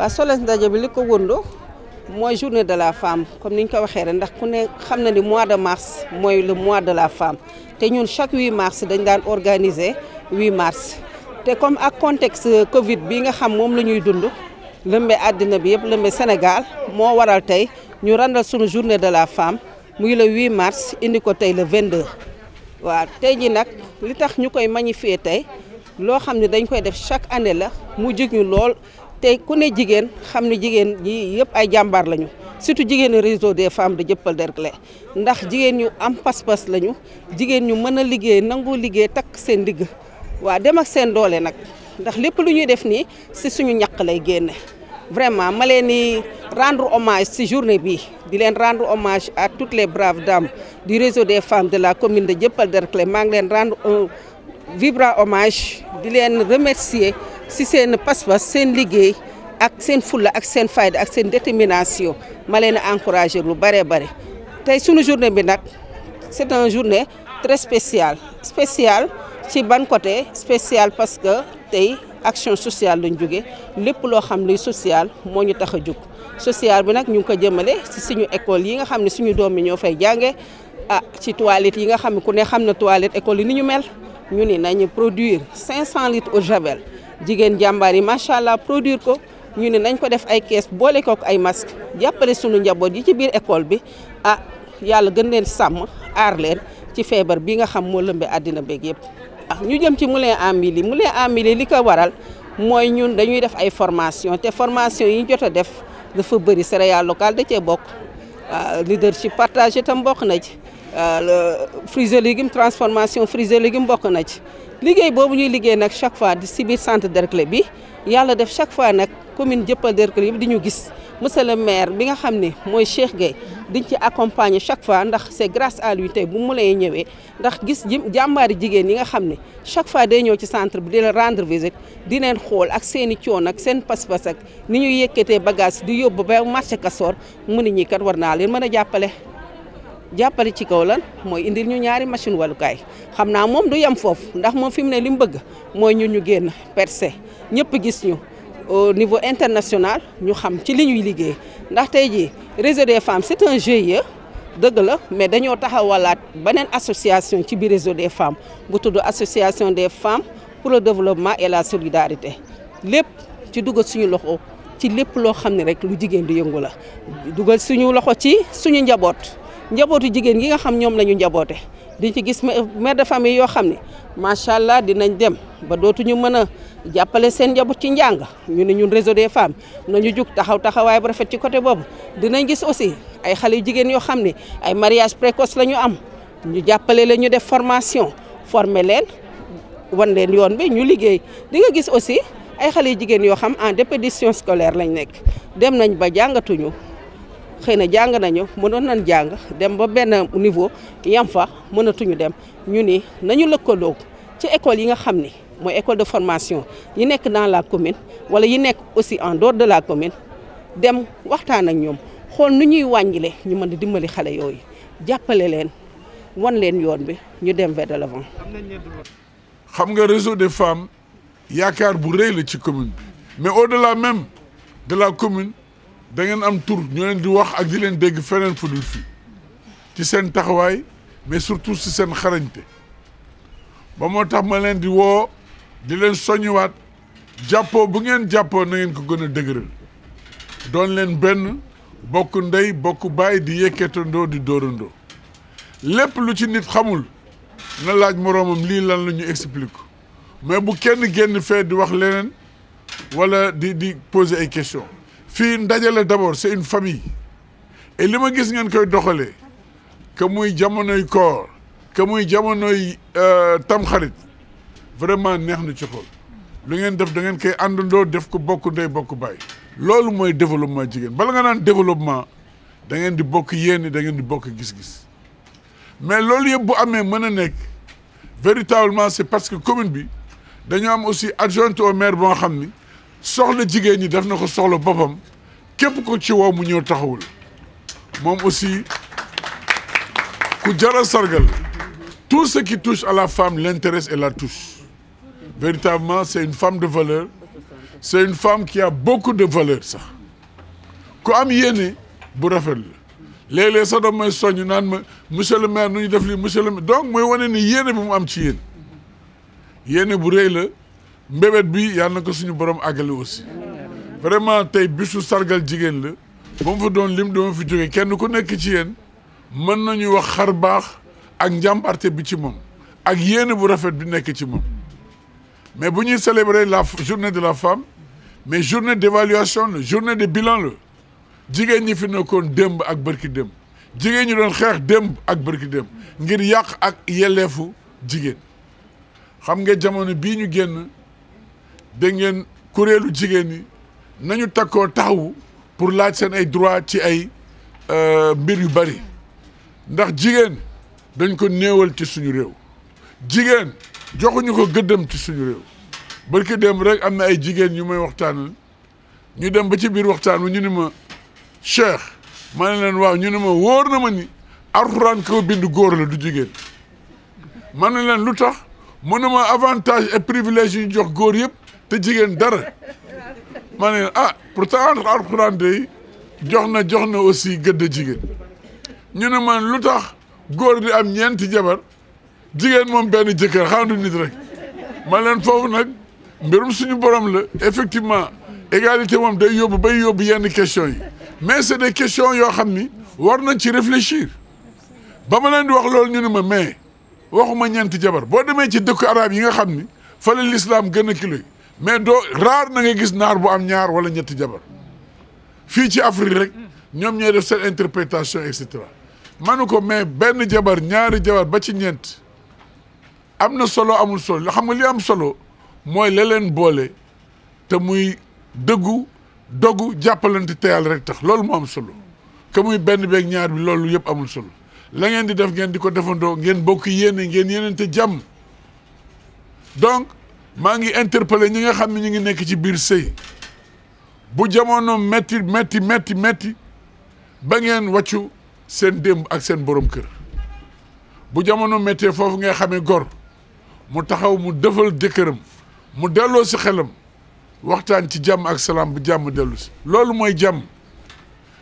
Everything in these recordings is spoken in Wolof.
waaw soles ndaje bi li ko wëndo mooy journée de la femme comme ni ñu ko waxee rek ndax ku ne xam na ni mois de mars mooy le mois de la femme te ñun chaque 8 mars dañ daan organiser 8 mars te comme ak contexte Covid bi nga xam moom la ñuy dund lëmbe àddina bi yëpp lëmbe Sénégal moo waral tey ñu randal suñu journée de la femme muy le 8 mars indi ko tey le 22. waaw tey ji nag li tax ñu koy magnifier tey loo xam ne dañ koy def chaque année la mu jig lool. tey ku ne jigéen xam ne jigéen ñi yëpp ay jàmbaar lañu surtout jigéenu réseau des femmes de jëppal Dieuppeul Derklé ndax jigéen ñu am pas-pas lañu jigéen ñu mën a liggéey nangoo liggéey takk seen digg waa dem ak seen doole nag ndax lépp lu ñuy def nii si suñu ñaq lay génne vraiment ma leen di rendre hommage si journée bii di leen rendre hommage à toutes les brave dames di réseau des femmes de la commune de Dieuppeul Derklé maa ngi leen rendre un vibrant hommage di leen remercier si seen pas-pas seen liggéey ak seen fulla ak seen fayda ak seen détermination ma leen a encouragé lu bare bare tey suñu journée bi nag c'est une journée très spéciale spéciale ci ban côté spéciale parce que tey action sociale lañ jóge lépp loo xam luy sociale moo ñu tax a jóg sociale bi nag ñu ngi ko jëmale si suñu école yi nga xam ne suñu doom yi ñoo fay jànge ah ci toilette yi nga xam ne ku ne xam na toilette école yi ni ñu mel ñu ne nañu produire 500 litres eau javel jigéen jàmbaar yi macha allah produire ko ñu ne nañ ko def ay kees boole ko ko ay masque jàppale sunu njaboot yi ci biir école bi ah yàlla gën leen sàmm aar ci feebar bi nga xam moo lëmbee àddina beeg yëpp. Ah ñu jëm ci moulin à mil moulin à mil li ko waral mooy ñun dañuy def ay formation te formation yi jot a def dafa bëri céréales locale da cee bokk ah leadership partagé tam bokk na ci ah fruits et légumes transformation fruits et légumes bokk na ci. liggéey boobu ñuy liggéey nag chaque fois di si biir centre bi yàlla def chaque fois nag commune Dieuppeul Derklé yëpp di ñu gis monsieur le maire bi nga xam ne mooy Cheikh Gueye diñ ci accompagner chaque fois ndax c' est grâce à lui tey bu mu lay ñëwee ndax gis jàmbaari jigéen yi nga xam ni chaque fois day ñoo ci centre bi di rendre visite di leen xool ak seeni coon ak seen pas-pas ak ni ñu yëkkatee bagage di yóbbu ba marché Castor mu ni ñi kat war naa leen mën a jàppale jàppale ci kaw lan mooy indil ñu ñaari machine walukaay xam naa moom du yem foofu ndax moom fi mu ne li mu bëgg mooy ñun ñu génn percé ñëpp gis ñu au niveau international ñu xam ci li ñuy liggéey ndax tey jii réseau des femmes c'est un GIE dëgg la mais dañoo taxawalaat beneen association ci biir réseau des femmes bu tudd association des femmes pour le développement et la solidarité lépp ci dugal suñu loxo ci lépp loo xam ne rek lu jigéen di yëngu la dugal suñu loxo ci suñu njaboot. njabootu jigéen yi nga xam ñoom la ñu njaboote di ci gis mère de famille yoo xam ne macha allah dinañ dem ba dootuñu mën a jàppale seen njaboot ci njàng ñu ne ñu réseau des femmes nañu jug taxaw taxawaay bu rafet ci côté boobu dinañ gis aussi ay xale yu jigéen yoo xam ne ay mariage précoce la ñu am ñu jàppale la ñu def formation former leen wan leen yoon bi ñu liggéey di nga gis aussi ay xale yu jigéen yoo xam en déperdition scolaire lañ nekk dem nañ ba jàngatuñu xëy na jàng nañu mën mënoon nañ jàng dem ba benn niveau yam fa mënatuñu dem ñu ni nañu lëkkaloo ci école yi nga xam ni mooy école de formation yi nekk dans la commune wala yi nekk aussi en dehors de la commune dem waxtaan ak ñoom xool nu ñuy wàññile ñu mën di dimbali xale yooyu jàppale leen wan leen yoon bi ñu dem vers xam nga réseau de femme yaakaar bu rëy la ci commune bi mais au-delà même de la commune da ngeen am tur ñu leen di wax ak di leen dégg feneen fu dul fii ci seen taxawaay mais surtout ci seen xarañte ba moo tax ma leen di woo di leen soññiwaat jàppoo bu ngeen jàppoo na ngeen ko gën a dëgëral doon leen benn bokk ndey bokk baay di yëkkatandoo di dóorandoo lépp lu ci nit xamul na laaj moroomam lii lan la ñu explique mais bu kenn génn fee di wax leneen wala di di poser ay questions fii ndajale d'abord c'est une famille et li ma gis ngeen koy doxalee que muy jamonoy koor que muy jamonoy euh, tamxarit vraiment neex na ci xool lu ngeen def da ngeen koy àndandoo def ko bokk ndey bokk baay loolu mooy développement jigéen bala nga naan développement dangeen di bokk yéene da ngeen di bokk gis-gis mais loolu yëpp bu amee mën a nekk véritablement c'est parce que commune bi dañoo am aussi adjointe au maire nga xam ni soxla jigéen ñi def na ko soxla boppam képp ko ci wow mu ñëw taxawul moom aussi ku jara sargal tout ce qui touche à la femme l'intéresse et la touche véritablement c'est une femme de valeur c'est une femme qui a beaucoup de valeur sax ku am yéene bu rafet la léeg-léeg sax daf may soññ naan ma monsieur le maire nu ñu def lii monsieur le maire donc mooy wane ni yéene bi mu am ci yéen yéene bu rëy la mbébét bi yàlla na ko suñu borom àggale aussi vraiment tey bisu sargal jigéen la ba mu fa doon lim dama fi jóge kenn ku nekk ci yéen mën nañu wax xar baax ak njàmbarte bi ci moom ak yéene bu rafet bi nekk ci moom mais bu ñuy célébrer la journée de la femme mais journée d'évaluation la journée de bilan la jigéen ñi fi nekkoon démb ak bërki démb jigéen ñi doon xeex démb ak bërki démb ngir yàq ak yelleefu jigéen xam nga jamono bii ñu génn dégg ngeen kuréelu jigéen ñi nañu takkoo taxawu pour laaj seen ay droit ci ay euh, mbir yu bari ndax jigéen dañ ko néewal ci suñu réew jigéen joxuñu ko gëddam ci suñu réew barki dem rek am na ay jigéen yu may waxtaanal ñu dem ba ci biir waxtaan wi ñu ni ma cheikh ma ne leen waaw ñu ne ma wóor na ma ni alxuraan ko bind góor la du jigéen ma ne leen lu tax mu ne ma avantage et privilège yu ñu jox góor yëpp te jigéen dara ma ne ah pourtant alxuraan day jox na jox na aussi gëdd jigéen ñu ne man lu tax góor di am ñeenti jabar jigéen moom benn jëkkër xandu nit rek ma leen foofu nag mbirum suñu borom la effectivement égalité moom day yóbbu ba yóbbu yenn questions yi mais c'est des questions yoo xam ni war nañ ci réfléchir ba ma leen di wax loolu ñu ne ma mais waxuma ñeenti jabar boo demee ci dëkk arab yi nga xam ni fa la l'islam gën a kilo mais doo raar na nga gis naar bu am ñaar wala ñetti jabar fii ci Afrique rek ñoom ñooy def seen interprétation et cetera manu ko mais benn jabar ñaari jabar ba ci ñeent am na solo amul solo la xam nga li am solo mooy la leen boole te muy dëggu dogu jàppalante te yàlla rek tax loolu mu am solo que muy benn beeg ñaar bi loolu yëpp amul solo la ngeen di def ngeen di ko defandoo ngeen bokk yéene ngeen yéenante jàmm donc maa ngi interpellé ñi nga xam ne ñu ngi nekk ci biir sëy bu jamono metti metti metti metti ba ngeen wàccu seen démb ak seen borom kër bu jamono méttee foofu ngay xamee gor mu taxaw mu defal jëkkëram mu delloo si xelam waxtaan ci jàmm ak salaam bu jàmm dellu si loolu mooy jàmm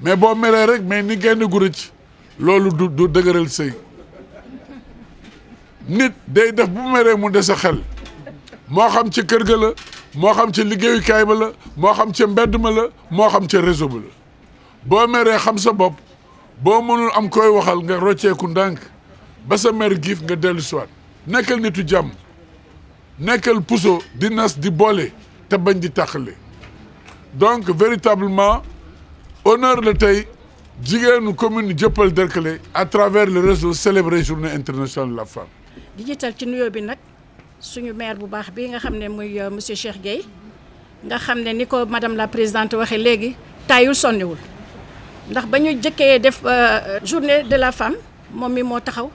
mais boo meree rek mais ni genn gu loolu du dëgëral sëy nit day def bu meree mu des a xel moo xam ca kër ga la moo xam ca liggéeyukaay ba la moo xam ca mbedd ma la moo xam ca réseau ba la boo meree xam sa bopp boo mënul am koy waxal nga rocceeku ndànk ba sa mer giif nga dellu siwaat nekkal nitu jàmm nekkal puso di nas di boole te bañ di tàqale donc véritablement honneur la tey jigéenu commune Dieuppeul Derklé à travers le réseau célébrer journée internationale de la femme di jiital ci nuyoo bi nag suñu maire bu baax bi nga xam ne muy euh, monsieur Cheikh Gueye nga xam ne ni ko madame la présidente waxee léegi taayul sonniwul ndax ba ñu jëkkee def euh, euh, journée de la femme moom mi moo taxaw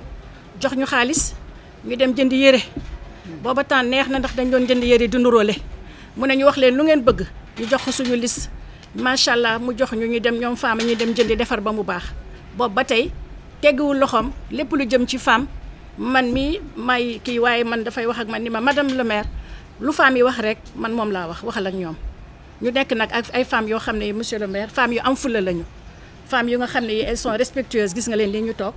jox ñu xaalis ñu dem jëndi yére booba temps neex na ndax dañ doon jënd yére dunduroole nuróole mu ne ñu wax leen lu ngeen bëgg ñu jox ko suñu liste macha allah mu jox ñu ñu dem ñoom femme ñu dem jëndi defar ba mu baax boobu ba tey teggiwul loxoom lépp lu jëm ci femme man mii may kii waaye man dafay wax ak man ni ma madame le maire lu femmes yi wax rek man moom laa wax waxal ak ñoom ñu nekk nag ak ay femmes yoo xam ne monsieur le maire femmes yu am fula lañu femmes yu nga xam ne yi elles sont respectueuses gis nga leen li ñu toog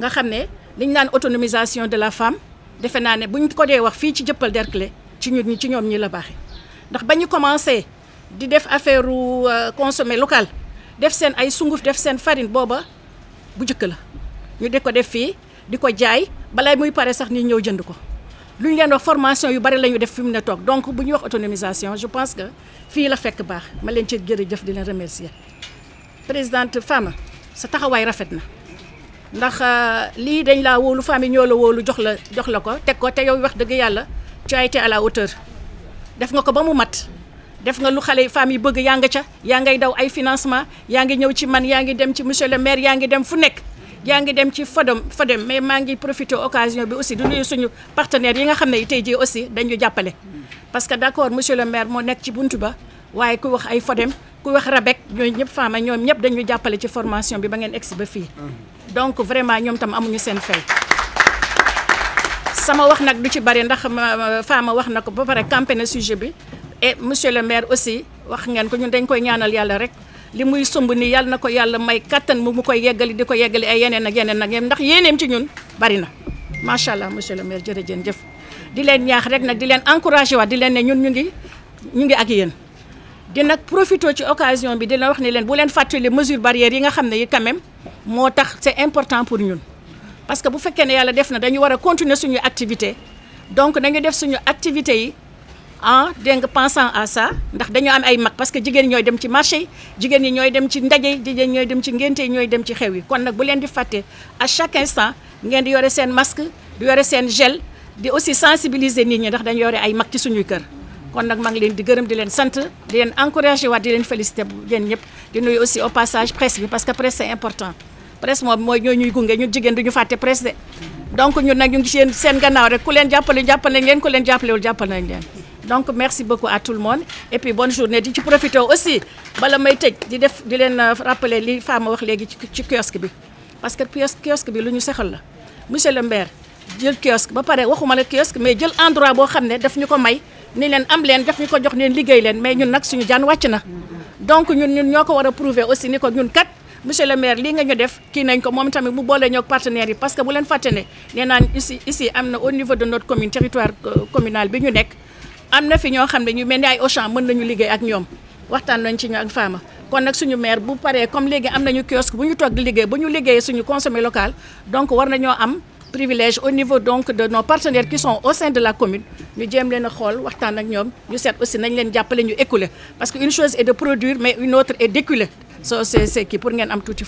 nga xam ne liñ naan autonomisation de la femme defe naa ne bu ñu ko dee wax fii ci jëppal Derklé ci ñun ñi ci ñoom ñi la baaxe ndax ba ñu commencé di def affaire euh, consommé local def seen ay sunguf def seen farine booba bu njëkk la ñu di ko def fii di ko jaay balaa muy pare sax nit ñëw jënd ko lu ñu leen wax formation yu bari la ñu def fi mu ne toog donc bu ñuy wax autonomisation je pense que fii la fekk baax ma leen ci jërëjëf di leen remercier présidente Fama sa taxawaay rafet na ndax euh, lii dañ laa woolu femme yi ñoo la wóolu jox la jox la ko teg ko te yow wax dëgg yàlla tu as été à la hauteur def nga ko ba mu mat def nga lu xale femme yi bëgg yaa ca yaa ngay daw ay financement yaa ngi ñëw ci man yaa ngi dem ci monsieur le maire yaa ngi dem fu nekk yaa ngi dem ci Fodem Fodem mais maa ngi profité occasion bi aussi du nuyu suñu partenaires yi nga xam ne tey jii aussi dañu jàppale. parce que d'accord monsieur le maire moo nekk ci buntu ba waaye ku wax ay Fodem ku wax Rabek ñooy ñëpp Fama ñoom ñëpp dañu jàppale ci formation bi ba ngeen egsi ba fii. donc vraiment ñoom tam amuñu seen fay. sama wax nag du ci bari ndax Fama wax na ko ba pare campé na sujet bi et monsieur le maire aussi wax ngeen ko ñun dañ koy ñaanal yàlla rek. li muy sumb ni yàlla na ko yàlla may kattan mu mu koy yeggali di ko yeggali ay yeneen ak yeneen ak ndax yéeneem ci ñun bari na macha allah monsieur le maire jërëjëf jëf di leen ñaax rek nag di leen encouragé wax di leen ne ñun ñu ngi ñu ngi ak yéen di nag profité ci occasion bi di leen wax ne leen bu leen fàttali mesures barrières yi nga xam ne yi quand moo tax c'est important pour ñun parce que bu fekkee ne yàlla def na dañu war a continuer suñu activité donc nañu def suñu activité yi ah dégg nga pensant à ça ndax dañoo am ay mag parce que jigéen ñooy dem ci marché yi jigéen ñi ñooy dem ci ndaje jigéen ñooy dem ci ngénte yi ñooy dem ci xew yi kon nag bu leen di fàtte à chaque instant ngeen di yore seen masque di yore seen gel di aussi sensibiliser nit ñi ndax dañu yore ay mag ci suñuy kër kon nag maa ngi leen di gërëm di leen sant di leen encouragé waat di leen félicité bu yéen ñëpp di nuyu aussi au passage presse bi parce que presse c'est important presse moom mooy ñoo ñuy gunge ñun jigéen duñu fàtte presse de ñun nag ñu ngi seen seen gannaaw rek ku leen jàppale leen ku leen jàppalewul jàppal nañ donc merci beaucoup à tout le monde et puis bonne aussi bala may tëj di def di leen euh, rappeler li Fama wax léegi ci kiosque bi parce que kiosque bi lu ñu sexal la monsieur le maire jël kiosque ba pare waxuma la kiosque mais jël endroit boo xam ne daf ñu ko may ni leen am leen daf ñu ko jox leen liggéey leen mais ñun nag suñu jaan wàcc na donc ñun ñun ñoo ko war a prouver aussi ni ko ñun kat monsieur le maire lii nga ñu def kii nañ ko moom tamit mu boole ñoo partenaires yi parce que bu leen fàtte ne nee naan ici na au niveau de notre euh, communal bi ñu nekk am na fi ñoo xam ne ñu mel ni ay Auchan mën nañu liggéey ak ñoom waxtaan nañ ci ñu ak Fama kon nag suñu maire bu paree comme léegi am nañu kiosque bu ñu toog liggéey bu ñu liggéeyee suñu consommé local donc war nañoo am privilège au niveau donc de nos partenaires qui sont au sein de la commune ñu jéem leen a xool waxtaan ak ñoom ñu seet aussi nañ leen jàppale ñu écouler parce que une chose est de produire mais une autre est d'écouler soo see see kii pour ngeen am tuuti